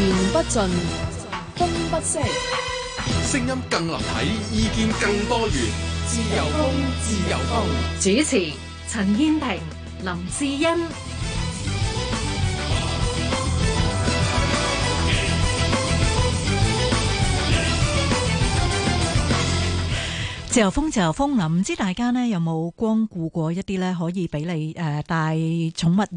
言不盡，風不息，聲音更立體，意見更多元，自由風，自由風。主持：陳燕萍、林志欣。自由風，自由風啦！唔、啊、知大家呢有冇光顧過一啲呢，可以俾你誒帶寵物入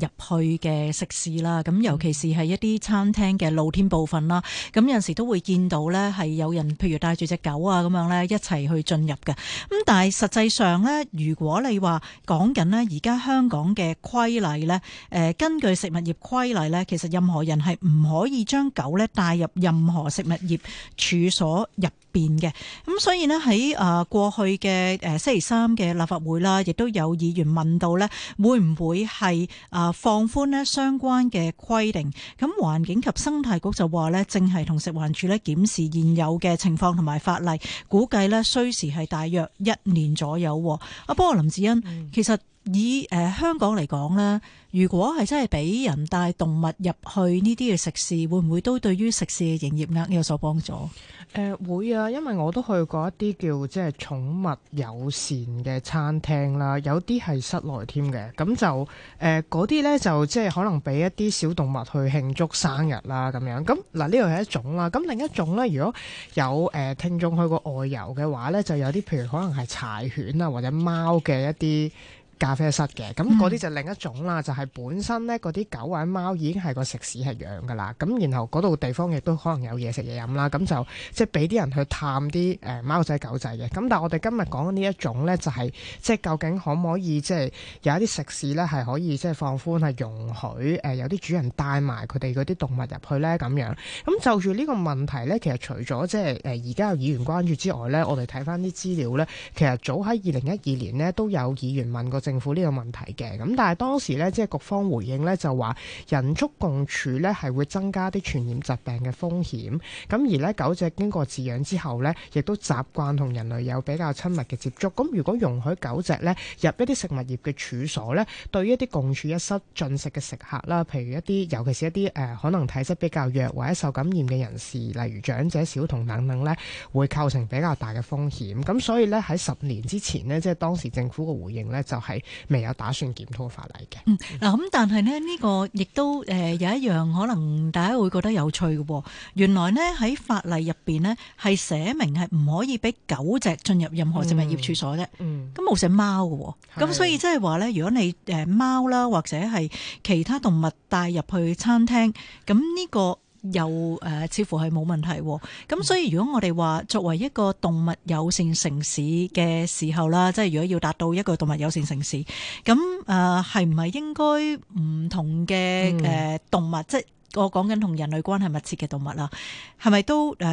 去嘅食肆啦？咁尤其是係一啲餐廳嘅露天部分啦。咁、啊嗯、有陣時都會見到呢係有人，譬如帶住隻狗啊咁樣呢一齊去進入嘅。咁但係實際上呢，如果你話講緊呢而家香港嘅規例呢，誒、呃、根據食物業規例呢，其實任何人係唔可以將狗呢帶入任何食物業處所入。變嘅，咁所以呢，喺啊過去嘅誒星期三嘅立法會啦，亦都有議員問到咧，會唔會係啊放寬咧相關嘅規定？咁環境及生態局就話呢正係同食環署咧檢視現有嘅情況同埋法例，估計呢需時係大約一年左右。不過林志欣，其實。以誒、呃、香港嚟講咧，如果係真係俾人帶動物入去呢啲嘅食肆，會唔會都對於食肆嘅營業額有所幫助？誒、呃、會啊，因為我都去過一啲叫即係寵物友善嘅餐廳啦，有啲係室內添嘅，咁就誒嗰啲呢，就即係可能俾一啲小動物去慶祝生日啦咁樣。咁嗱呢度係一種啦，咁另一種呢，如果有誒、呃、聽眾去過外遊嘅話呢，就有啲譬如可能係柴犬啊或者貓嘅一啲咖啡室嘅，咁嗰啲就另一種啦，嗯、就係本身咧嗰啲狗或者貓已經係個食肆係養噶啦，咁然後嗰度地方亦都可能有嘢食嘢飲啦，咁就即係俾啲人去探啲誒貓仔狗仔嘅。咁但係我哋今日講呢一種咧，就係、是、即係究竟可唔可以即係有一啲食肆咧係可以即係放寬係容許誒、呃、有啲主人帶埋佢哋嗰啲動物入去咧咁樣？咁就住呢個問題咧，其實除咗即係誒而家有議員關注之外咧，我哋睇翻啲資料咧，其實早喺二零一二年咧都有議員問過。政府呢個問題嘅咁，但係當時咧，即係局方回應咧，就話人畜共處咧係會增加啲傳染疾病嘅風險，咁而咧，狗隻經過飼養之後咧，亦都習慣同人類有比較親密嘅接觸，咁如果容許狗隻咧入一啲食物業嘅處所咧，對於一啲共處一室進食嘅食客啦，譬如一啲尤其是一啲誒、呃、可能體質比較弱或者受感染嘅人士，例如長者、小童等等咧，會構成比較大嘅風險，咁所以咧喺十年之前咧，即係當時政府嘅回應咧，就係、是。未有打算檢討法例嘅。嗯，嗱咁，但係呢，呢、呢個亦都誒、呃、有一樣可能大家會覺得有趣嘅、哦。原來呢，喺法例入邊呢，係寫明係唔可以俾狗隻進入任何食物業處所啫、嗯。嗯，咁冇寫貓嘅、哦。咁是所以即係話咧，如果你誒貓啦或者係其他動物帶入去餐廳，咁呢、呢個。又誒、呃，似乎係冇問題喎。咁所以，如果我哋話作為一個動物友善城市嘅時候啦，嗯、即係如果要達到一個動物友善城市，咁誒係唔係應該唔同嘅誒、呃、動物即，我講緊同人類關係密切嘅動物啦，係咪都誒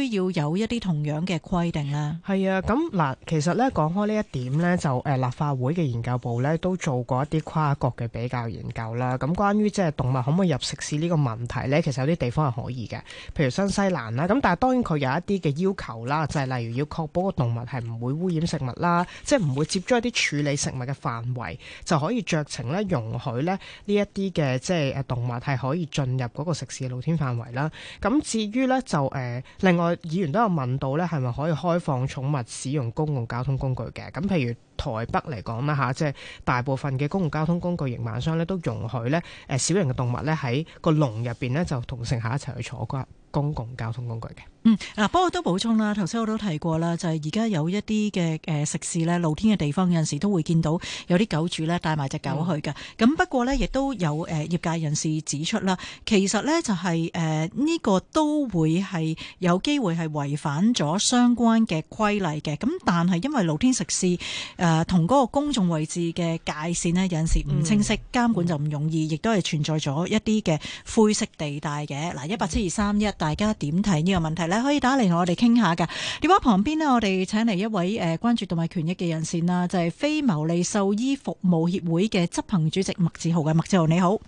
需要有一啲同樣嘅規定呢？係啊，咁嗱，其實咧講開呢一點呢，就誒立法會嘅研究部呢都做過一啲跨國嘅比較研究啦。咁關於即係動物可唔可以入食肆呢個問題呢，其實有啲地方係可以嘅，譬如新西蘭啦。咁但係當然佢有一啲嘅要求啦，就係例如要確保個動物係唔會污染食物啦，即係唔會接觸一啲處理食物嘅範圍，就可以酌情咧容許呢呢一啲嘅即係誒動物係可以進入。入嗰個食肆嘅露天範圍啦，咁至於呢，就誒、呃，另外議員都有問到呢係咪可以開放寵物使用公共交通工具嘅？咁譬如，台北嚟講啦嚇，即係大部分嘅公共交通工具營辦商咧都容許咧誒小型嘅動物咧喺個籠入邊咧就同乘客一齊去坐公公共交通工具嘅。嗯，嗱不過都補充啦，頭先我都提過啦，就係而家有一啲嘅誒食肆咧，露天嘅地方有陣時都會見到有啲狗主咧帶埋隻狗去㗎。咁、嗯、不過呢，亦都有誒業界人士指出啦，其實呢就係誒呢個都會係有機會係違反咗相關嘅規例嘅。咁但係因為露天食肆。誒、啊、同嗰個公眾位置嘅界線呢，有陣時唔清晰，嗯、監管就唔容易，亦都係存在咗一啲嘅灰色地帶嘅。嗱、啊，一八七二三一，大家點睇呢個問題呢？可以打嚟同我哋傾下㗎。電話旁邊呢，我哋請嚟一位誒、呃、關注動物權益嘅人士啦，就係、是、非牟利獸醫服務協會嘅執行主席麥志豪嘅。麥志豪你好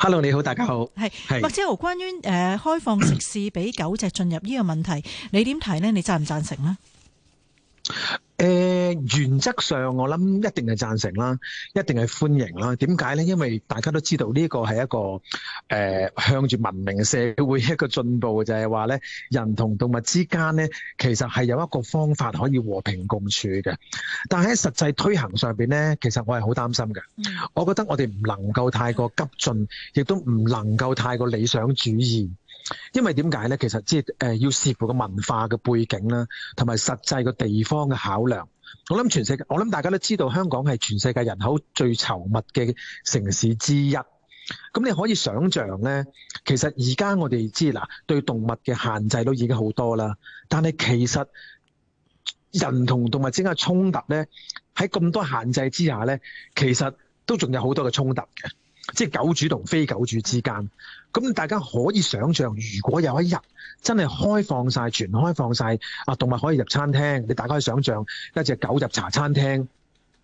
，Hello，你好，大家好，係、啊、是麥志豪。關於誒、呃、開放食肆俾狗隻進入呢個問題， 你點睇呢？你贊唔贊成呢？ 呃、原則上，我諗一定係贊成啦，一定係歡迎啦。點解呢？因為大家都知道呢個係一個誒、呃、向住文明社會一個進步，就係話呢人同動物之間呢，其實係有一個方法可以和平共處嘅。但喺實際推行上邊呢，其實我係好擔心嘅。嗯、我覺得我哋唔能夠太過急進，亦都唔能夠太過理想主義。因為點解呢？其實即係要視乎個文化嘅背景啦，同埋實際個地方嘅考量。我諗全世界，我諗大家都知道，香港係全世界人口最稠密嘅城市之一。咁你可以想象呢，其實而家我哋知嗱，對動物嘅限制都已經好多啦。但係其實人同動物之間嘅衝突呢，喺咁多限制之下呢，其實都仲有好多嘅衝突嘅。即係狗主同非狗主之間，咁大家可以想象，如果有一日真係開放晒，全開放晒啊，動物可以入餐廳，你大家可以想象一隻狗入茶餐廳。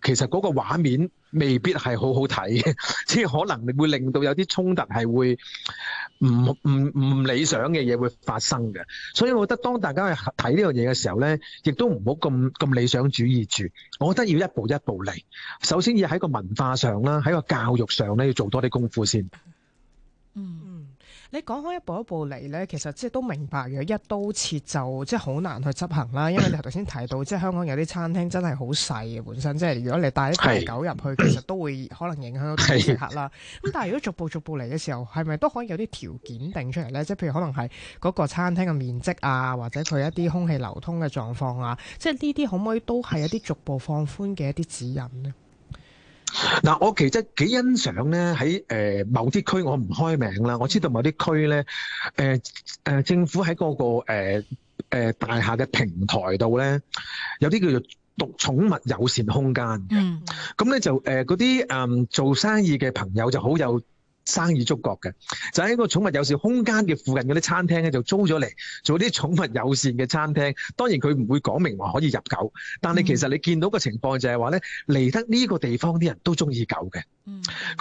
其實嗰個畫面未必係好好睇嘅， 即係可能會令到有啲衝突係會唔唔唔理想嘅嘢會發生嘅。所以，我覺得當大家去睇呢樣嘢嘅時候呢，亦都唔好咁咁理想主義住。我覺得要一步一步嚟，首先要喺個文化上啦，喺個教育上呢，要做多啲功夫先。嗯。你講開一步一步嚟呢，其實即係都明白，如果一刀切就即係好難去執行啦。因為你頭先提到，即係香港有啲餐廳真係好細嘅本身，即係如果你帶一隻大狗入去，其實都會可能影響到顧客啦。咁但係如果逐步逐步嚟嘅時候，係咪都可以有啲條件定出嚟呢？即係譬如可能係嗰個餐廳嘅面積啊，或者佢一啲空氣流通嘅狀況啊，即係呢啲可唔可以都係一啲逐步放寬嘅一啲指引呢？嗱，我其實幾欣賞咧，喺誒，某啲區，我唔開名啦。我知道某啲區咧，誒誒，政府喺嗰個誒誒大廈嘅平台度咧，有啲叫做讀寵物友善空間。嗯，咁咧就誒嗰啲嗯做生意嘅朋友就好有生意觸覺嘅，就喺個寵物友善空間嘅附近嗰啲餐廳咧，就租咗嚟做啲寵物友善嘅餐廳。當然佢唔會講明話可以入狗，但係其實你見到嘅情況就係話咧，嚟得呢個地方啲人都中意狗嘅。咁、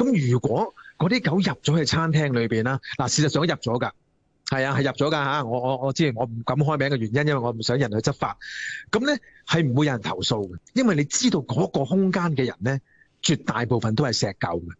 嗯、如果嗰啲狗入咗去餐廳裏邊啦，嗱、啊、事實上入咗㗎，係啊係入咗㗎嚇。我我知我之前我唔敢開名嘅原因，因為我唔想人去執法。咁咧係唔會有人投訴嘅，因為你知道嗰個空間嘅人咧，絕大部分都係錫狗嘅。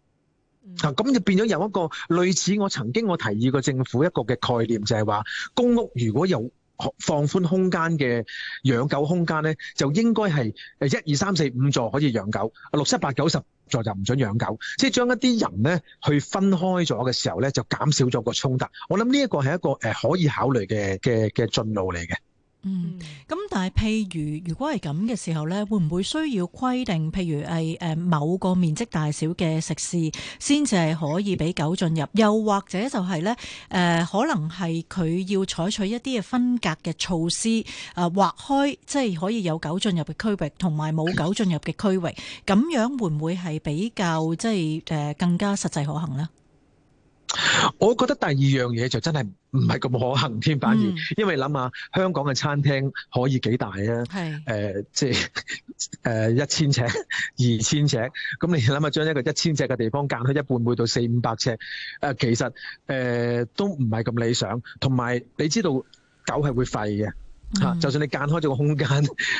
嗱，咁、嗯、就變咗有一個類似我曾經我提議過政府一個嘅概念，就係話公屋如果有放寬空間嘅養狗空間呢，就應該係誒一二三四五座可以養狗，六七八九十座就唔准養狗，即、就、係、是、將一啲人呢去分開咗嘅時候呢，就減少咗個衝突。我諗呢一個係一個誒可以考慮嘅嘅嘅進路嚟嘅。嗯，咁但係譬如如果係咁嘅時候呢，會唔會需要規定譬如係誒、呃、某個面積大小嘅食肆，先至係可以俾狗進入？又或者就係、是、呢，誒、呃，可能係佢要採取一啲嘅分隔嘅措施，誒、呃、劃開即係可以有狗進入嘅區域，同埋冇狗進入嘅區域，咁樣會唔會係比較即係誒、呃、更加實際可行呢？我覺得第二樣嘢就真係唔係咁可行添，反而因為諗下香港嘅餐廳可以幾大啊？係誒的、呃，即係誒一千尺、二千尺，咁你諗下將一個一千尺嘅地方間開一半，會到四五百尺，誒、呃、其實誒、呃、都唔係咁理想。同埋你知道狗係會吠嘅。嚇！嗯、就算你間開咗個空間，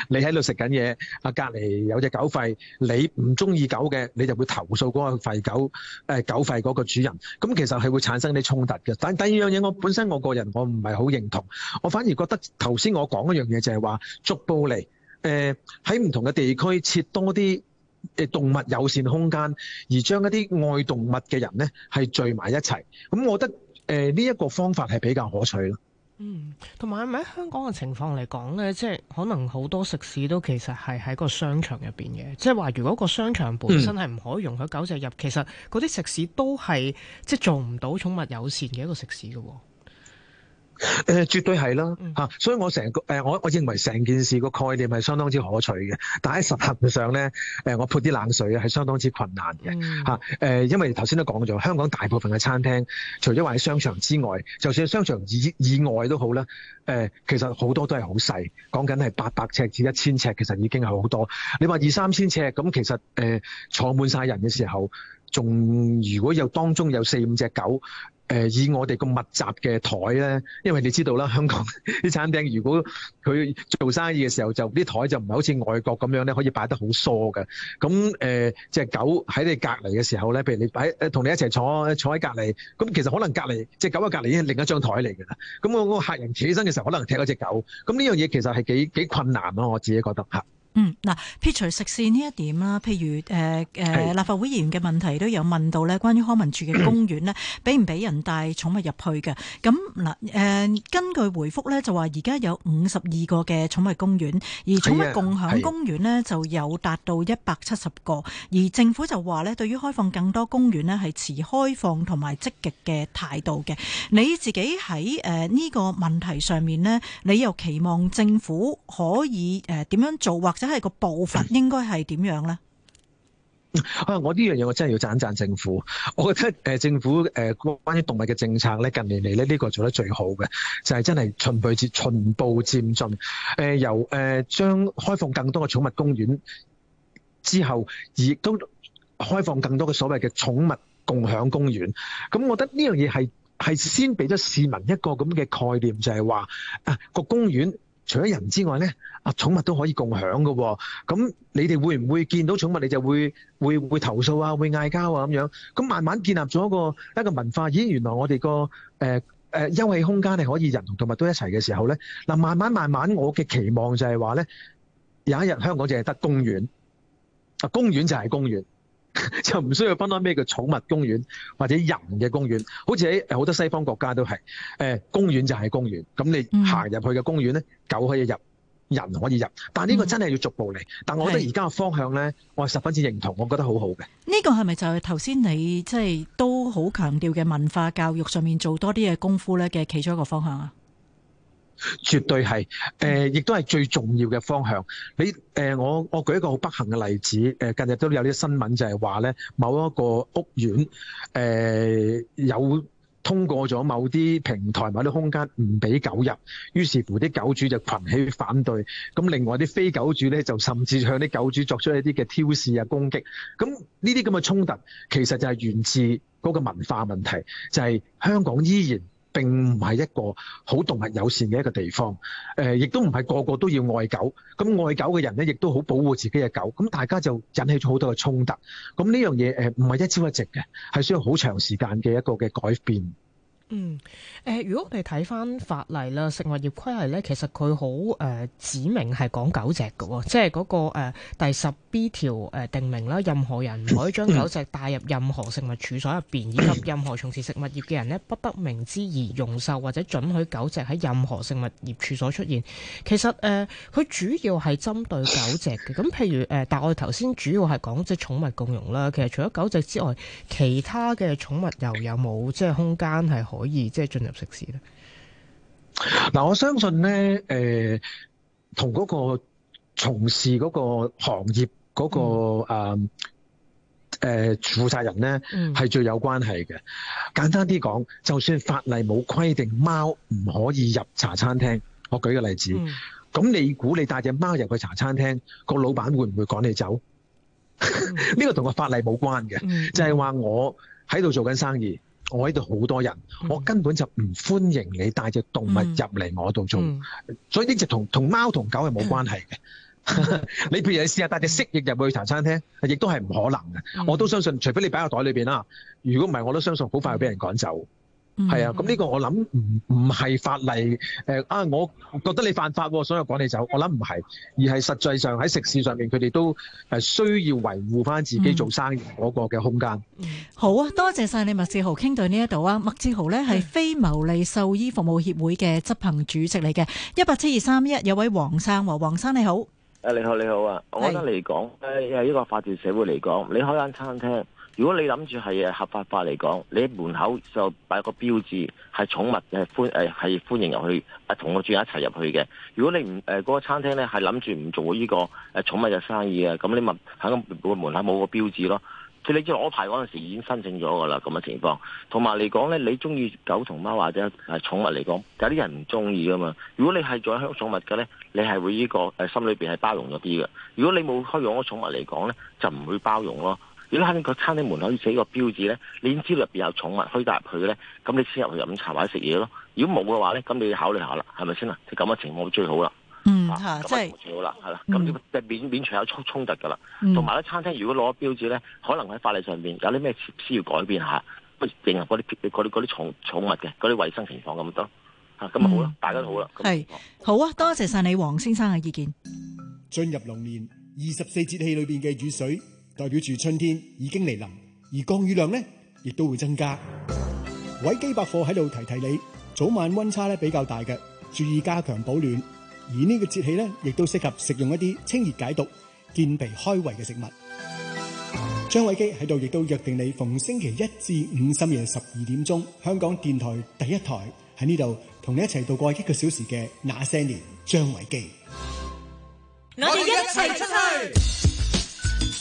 你喺度食緊嘢，啊隔離有隻狗吠，你唔中意狗嘅，你就會投訴嗰個吠狗誒、呃、狗吠嗰個主人。咁、嗯、其實係會產生啲衝突嘅。但第二樣嘢，我本身我個人我唔係好認同，我反而覺得頭先我講一樣嘢就係話逐步嚟誒喺唔同嘅地區設多啲誒動物友善空間，而將一啲愛動物嘅人咧係聚埋一齊。咁、嗯、我覺得誒呢一個方法係比較可取咯。嗯，同埋喺香港嘅情況嚟講呢即係可能好多食肆都其實係喺個商場入邊嘅，即係話如果個商場本身係唔可以容許狗隻入，嗯、其實嗰啲食肆都係即係做唔到寵物友善嘅一個食肆嘅、哦。誒、呃、絕對係啦嚇、啊，所以我成個誒、呃、我我認為成件事個概念係相當之可取嘅，但係喺實行上咧誒、呃，我潑啲冷水啊，係相當之困難嘅嚇誒，因為頭先都講咗，香港大部分嘅餐廳，除咗話喺商場之外，就算商場以以外都好啦，誒、呃、其實好多都係好細，講緊係八百尺至一千尺，其實已經係好多，你話二三千尺咁，其實誒、呃、坐滿晒人嘅時候。仲如果有當中有四五隻狗，誒、呃、以我哋咁密集嘅台咧，因為你知道啦，香港啲餐廳如果佢做生意嘅時候，就啲台就唔係好似外國咁樣咧，可以擺得好疏嘅。咁誒，隻、呃、狗喺你隔離嘅時候咧，譬如你擺誒同你一齊坐坐喺隔離，咁其實可能隔離隻狗喺隔離係另一張台嚟㗎啦。咁、那個個客人起身嘅時候，可能踢咗隻狗。咁呢樣嘢其實係幾幾困難咯、啊，我自己覺得嚇。嗯，嗱，撇除食肆呢一點啦，譬如誒誒、呃、的立法會議員嘅問題都有問到咧，關於康文署嘅公園咧，俾唔俾人帶寵物入去嘅？咁嗱誒根據回覆咧，就話而家有五十二個嘅寵物公園，而寵物共享公園咧就有達到一百七十個，的而政府就話咧，對於開放更多公園咧，係持開放同埋積極嘅態度嘅。你自己喺誒呢個問題上面咧，你又期望政府可以誒點、呃、樣做或？即係個部分應該係點樣呢？啊！我呢樣嘢我真係要讚一讚政府。我覺得政府誒，關於動物嘅政策咧，近年嚟咧，呢個做得最好嘅，就係真係循序漸、循步漸進。誒，由誒將開放更多嘅寵物公園之後，而亦都開放更多嘅所謂嘅寵物共享公園。咁我覺得呢樣嘢係係先俾咗市民一個咁嘅概念，就係話啊個公園。除咗人之外呢啊，寵物都可以共享嘅喎，哦。咁你哋會唔會見到寵物，你就會會會投訴啊，會嗌交啊咁樣？咁慢慢建立咗一個一個文化。咦，原來我哋個誒誒休息空間係可以人同動物都一齊嘅時候呢。嗱，慢慢慢慢，我嘅期望就係話呢，有一日香港就係得公園，啊，公園就係公園。 就唔需要分開咩叫寵物公園或者人嘅公園，好似喺好多西方國家都係誒公園就係公園，咁你行入去嘅公園咧，狗可以入，人可以入，但呢個真係要逐步嚟。但我覺得而家嘅方向呢，是我係十分之認同，我覺得好好嘅。呢個係咪就係頭先你即係、就是、都好強調嘅文化教育上面做多啲嘅功夫呢嘅其中一個方向啊？絕對係，誒、呃，亦都係最重要嘅方向。你，誒、呃，我，我舉一個好不幸嘅例子。誒、呃，近日都有啲新聞就係話呢，某一個屋苑，誒、呃，有通過咗某啲平台、某啲空間唔俾狗入，於是乎啲狗主就群起反對。咁，另外啲非狗主呢，就甚至向啲狗主作出一啲嘅挑釁啊、攻擊。咁呢啲咁嘅衝突，其實就係源自嗰個文化問題，就係、是、香港依然。並唔係一個好動物友善嘅一個地方，誒、呃，亦都唔係個個都要愛狗，咁、呃、愛狗嘅人呢，亦都好保護自己嘅狗，咁、呃、大家就引起咗好多嘅衝突，咁、呃、呢樣嘢誒唔係一朝一夕嘅，係需要好長時間嘅一個嘅改變。嗯，誒、呃，如果你睇翻法例啦，食物業規例咧，其實佢好誒指明係講狗隻嘅即係嗰、那個誒、呃、第十 B 條誒、呃、訂明啦，任何人唔可以將狗隻帶入任何食物處所入邊以及任何從事食物業嘅人咧，不得明知而容受或者准許狗隻喺任何食物業處所出現，其實誒佢、呃、主要係針對狗隻嘅，咁譬如誒、呃、但我哋頭先主要係講即係寵物共融啦，其實除咗狗隻之外，其他嘅寵物又有冇即係空間係好。可以即係進入食肆咧。嗱，我相信呢，誒、呃，同嗰個從事嗰個行業嗰、嗰個誒誒負責人呢，係、嗯、最有關係嘅。簡單啲講，就算法例冇規定貓唔可以入茶餐廳，我舉個例子，咁、嗯、你估你帶隻貓入去茶餐廳，個老闆會唔會趕你走？呢、嗯、 個同個法例冇關嘅，嗯、就係話我喺度做緊生意。我喺度好多人，嗯、我根本就唔歡迎你帶隻動物入嚟我度做，嗯、所以呢隻同同貓同狗係冇關係嘅。嗯、 你譬如你試下帶隻蜥蜴入去茶餐廳，亦都係唔可能嘅。嗯、我都相信，除非你擺喺袋裏邊啦。如果唔係，我都相信好快會俾人趕走。係、嗯、啊，咁呢個我諗唔唔係法例誒啊！我覺得你犯法喎，所以我趕你走。我諗唔係，而係實際上喺食肆上面，佢哋都誒需要維護翻自己做生意嗰個嘅空間、嗯。好啊，多謝晒你麥志豪傾到呢一度啊。麥志豪咧係非牟利獸醫服務協會嘅執行主席嚟嘅，一八七二三一有位黃生喎，黃生你好。誒，你好你好啊，是我覺得嚟講誒，係一個法治社會嚟講，你開間餐廳。如果你諗住係合法化嚟講，你喺門口就擺個標誌，係寵物係歡誒係歡迎入去，同個主人一齊入去嘅。如果你唔誒嗰個餐廳咧係諗住唔做呢個誒寵物嘅生意啊，咁你問喺個門口冇個標誌咯。即係你知攞牌嗰陣時已經申請咗噶啦，咁嘅情況。同埋嚟講咧，你中意狗同貓或者係寵物嚟講，有啲人唔中意噶嘛。如果你係做香寵物嘅咧，你係會呢個誒心裏邊係包容咗啲嘅。如果你冇開養咗寵物嚟講咧，就唔會包容咯。如果喺廳個餐廳門口寫個標誌咧，你知道入邊有寵物可以入去咧，咁你先入去飲茶或者食嘢咯。如果冇嘅話咧，咁你要考慮下啦，係咪先啊？咁嘅情況最好啦。嗯，即係最好啦，係啦。咁呢，免、嗯、免除有衝衝突噶啦。同埋咧，餐廳如果攞標誌咧，可能喺法例上邊有啲咩設施要改變下，不如迎合嗰啲啲啲寵寵物嘅嗰啲衞生情況咁多嚇，咁咪好咯，大家都好啦。係，嗯、好啊，多謝晒你黃先生嘅意見。進入龍年二十四節氣裏邊嘅雨水。代表住春天已經嚟臨，而降雨量呢亦都會增加。維基百貨喺度提提你，早晚溫差咧比較大嘅，注意加強保暖。而呢個節氣呢，亦都適合食用一啲清熱解毒、健脾開胃嘅食物。張維基喺度亦都約定你，逢星期一至五深夜十二點鐘，香港電台第一台喺呢度同你一齊度過一個小時嘅那些年。張維基，我哋一齊出去。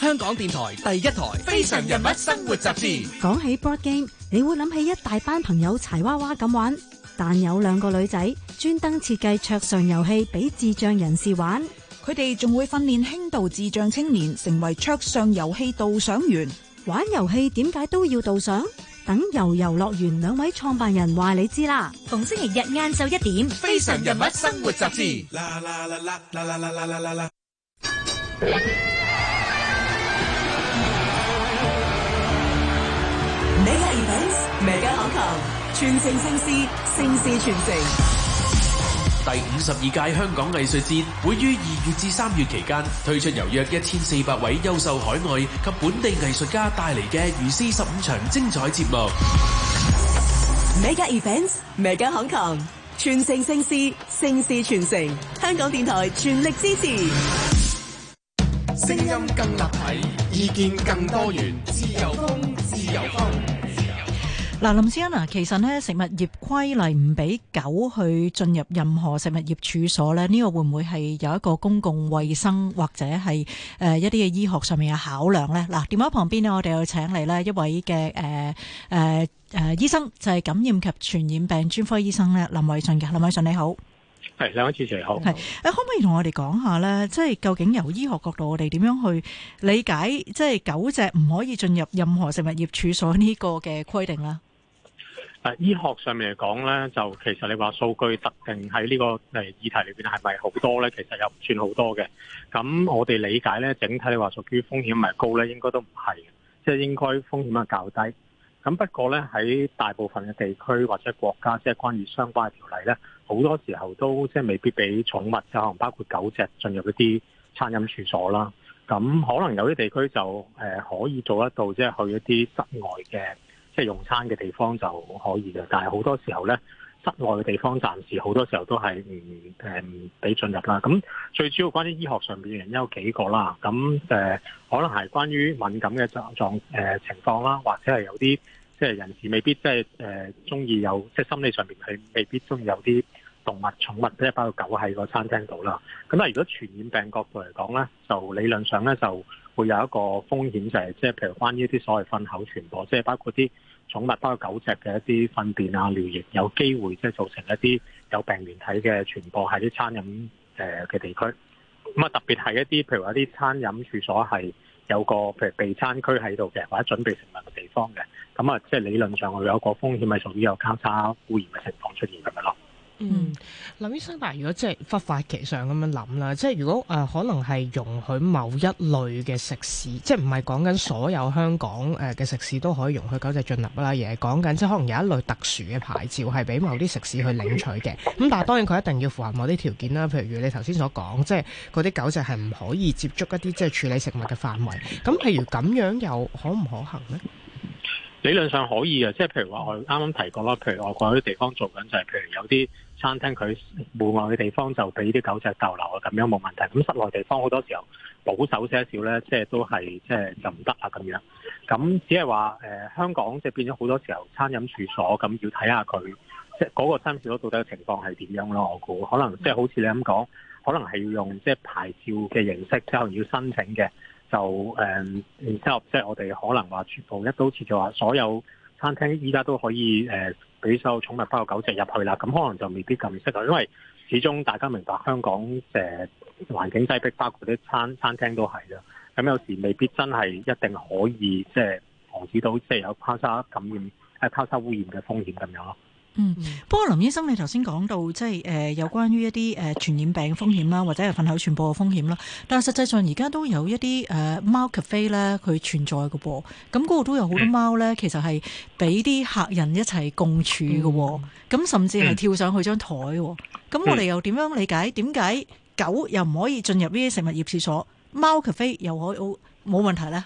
香港電台第一台非常人物生活雜誌。講起 board game，你會諗起一大班朋友柴娃娃咁玩。但有兩個女仔專登設計桌上遊戲俾智障人士玩，佢哋仲會訓練輕度智障青年成為桌上遊戲導賞員。玩遊戲點解都要導賞？等游游樂園兩位創辦人話你知啦。逢星期日晏晝一點，非常人物生活雜誌。全城盛事，盛事傳承。第五十二屆香港藝術節會於二月至三月期間推出，由約一千四百位優秀海外及本地藝術家帶嚟嘅逾四十五場精彩節目。Mega Events，Mega Hong Kong，全城盛事，盛事傳承。香港電台全力支持。聲音更立體，意見更多元，自由風，自由風。嗱，林思恩嗱，其實呢，食物業規例唔俾狗去進入任何食物業處所咧，呢、這個會唔會係有一個公共衛生或者係誒、呃、一啲嘅醫學上面嘅考量呢？嗱，電話旁邊呢，我哋有請嚟咧一位嘅誒誒誒醫生，就係、是、感染及傳染病專科醫生咧，林緯遜嘅。林緯遜你好，係兩位主持好係誒，是好可唔可以同我哋講下呢？即係究竟由醫學角度，我哋點樣去理解即係狗隻唔可以進入任何食物業處所呢個嘅規定咧？誒醫學上面嚟講呢，就其實你話數據特定喺呢個誒議題裏邊係咪好多呢？其實又唔算好多嘅。咁我哋理解呢，整體你話屬於風險唔係高呢，應該都唔係，即係應該風險係較低。咁不過呢，喺大部分嘅地區或者國家，即係關於相關嘅條例呢，好多時候都即係未必俾寵物即可能包括狗隻進入一啲餐飲處所啦。咁可能有啲地區就誒可以做得到，即係去一啲室外嘅。即係用餐嘅地方就可以嘅，但係好多時候咧，室外嘅地方暫時好多時候都係唔誒唔俾進入啦。咁最主要關於醫學上邊嘅原因有幾個啦。咁誒、呃、可能係關於敏感嘅狀誒、呃、情況啦，或者係有啲即係人士未必、就是呃、即係誒中意有即係心理上邊佢未必中意有啲動物寵物，即係包括狗喺個餐廳度啦。咁但係如果傳染病角度嚟講咧，就理論上咧就。會有一個風險就係，即係譬如關於一啲所謂糞口傳播，即係包括啲寵物，包括狗隻嘅一啲糞便啊、尿液，有機會即係造成一啲有病原體嘅傳播喺啲餐飲誒嘅地區。咁啊，特別係一啲譬如話一啲餐飲處所係有個譬如備餐區喺度嘅，或者準備食物嘅地方嘅，咁啊，即係理論上會有一個風險係屬於有交叉污染嘅情況出現，係咪咯？嗯，林醫生，嗱，如果即係忽發奇想咁樣諗啦，即係如果誒、呃、可能係容許某一類嘅食肆，即係唔係講緊所有香港誒嘅食肆都可以容許狗隻進入啦，而係講緊即係可能有一類特殊嘅牌照係俾某啲食肆去領取嘅。咁但係當然佢一定要符合某啲條件啦。譬如你頭先所講，即係嗰啲狗隻係唔可以接觸一啲即係處理食物嘅範圍。咁譬如咁樣又可唔可行呢？理論上可以嘅，即係譬如話我啱啱提過啦，譬如外國有啲地方做緊就係、是，譬如有啲餐廳佢戶外嘅地方就俾啲狗隻逗留啊，咁樣冇問題。咁室內地方好多時候保守些少咧，即係都係即係就唔得啊咁樣。咁只係話誒香港即係變咗好多時候餐飲處所咁，要睇下佢即係嗰個餐飲處所到底嘅情況係點樣咯。我估可能即係好似你咁講，可能係要用即係牌照嘅形式，即係可能要申請嘅。就誒，然之後即係我哋可能話全部一刀切，就話所有餐廳依家都可以誒俾、呃、所有寵物包括狗隻入去啦，咁可能就未必咁適合，因為始終大家明白香港誒、呃、環境擠迫，包括啲餐餐廳都係啦，咁有時未必真係一定可以即係防止到即係有交叉感染誒交叉污染嘅風險咁樣咯。嗯，不過林醫生你，你頭先講到即係誒，有、呃、關於一啲誒傳染病風險啦，或者係糞口傳播嘅風險啦。但係實際上而家都有一啲誒貓 cafe 咧，佢存在嘅噃。咁嗰度都有好多貓咧，其實係俾啲客人一齊共處嘅。咁、嗯、甚至係跳上去張台。咁我哋又點樣理解？點解狗又唔可以進入呢啲食物業廁所？貓 cafe 又可以冇問題咧？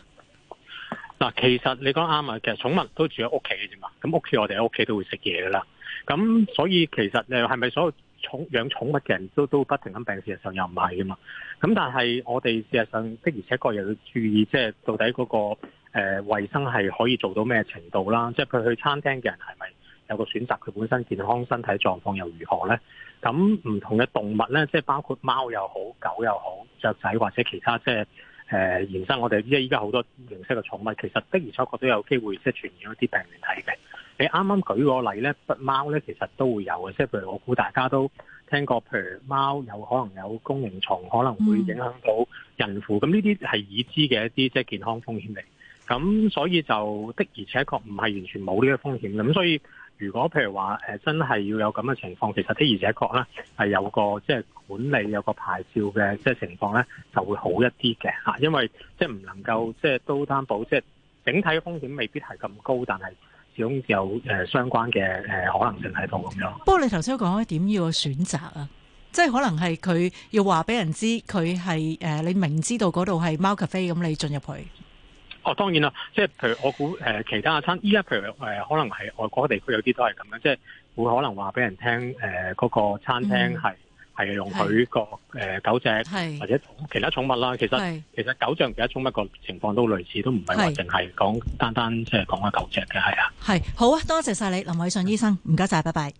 嗱，其實你講啱啊。其實寵物都住喺屋企嘅啫嘛。咁屋企我哋喺屋企都會食嘢嘅啦。咁所以其實誒係咪所有寵養寵物嘅人都都不停咁病？事實上又唔係㗎嘛。咁但係我哋事實上的而且確又要注意，即係到底嗰個誒衞生係可以做到咩程度啦？即係佢去餐廳嘅人係咪有個選擇？佢本身健康身體狀況又如何咧？咁唔同嘅動物咧，即係包括貓又好、狗又好、雀仔或者其他即係。就是誒延伸，呃、我哋依家依家好多形式嘅寵物，其實的而且確都有機會即係傳染一啲病原體嘅。你啱啱舉個例呢，貓呢其實都會有嘅，即係譬如我估大家都聽過，譬如貓有可能有弓形蟲，可能會影響到孕婦，咁呢啲係已知嘅一啲即係健康風險嚟。咁所以就的而且確唔係完全冇呢個風險嘅。咁所以。如果譬如話誒真係要有咁嘅情況，其實的而且確啦，係有個即係管理有個牌照嘅即係情況咧，就會好一啲嘅嚇，因為即係唔能夠即係都擔保即係整體風險未必係咁高，但係始終有誒相關嘅誒可能性喺度咁樣。不過你頭先講開點要選擇啊？即係可能係佢要話俾人知佢係誒你明知道嗰度係貓咖啡咁，你進入去。哦，當然啦，即係譬如我估誒、呃、其他嘅餐，依家譬如誒、呃、可能係外國地區有啲都係咁樣，即係會可能話俾人聽誒嗰個餐廳係係容許佢個誒狗隻，或者其他寵物啦。其實是其實狗像其他寵物個情況都類似，都唔係話淨係講單單即係講阿狗隻嘅，係啊，係好啊，多謝晒你，林緯遜醫生，唔該晒，拜拜。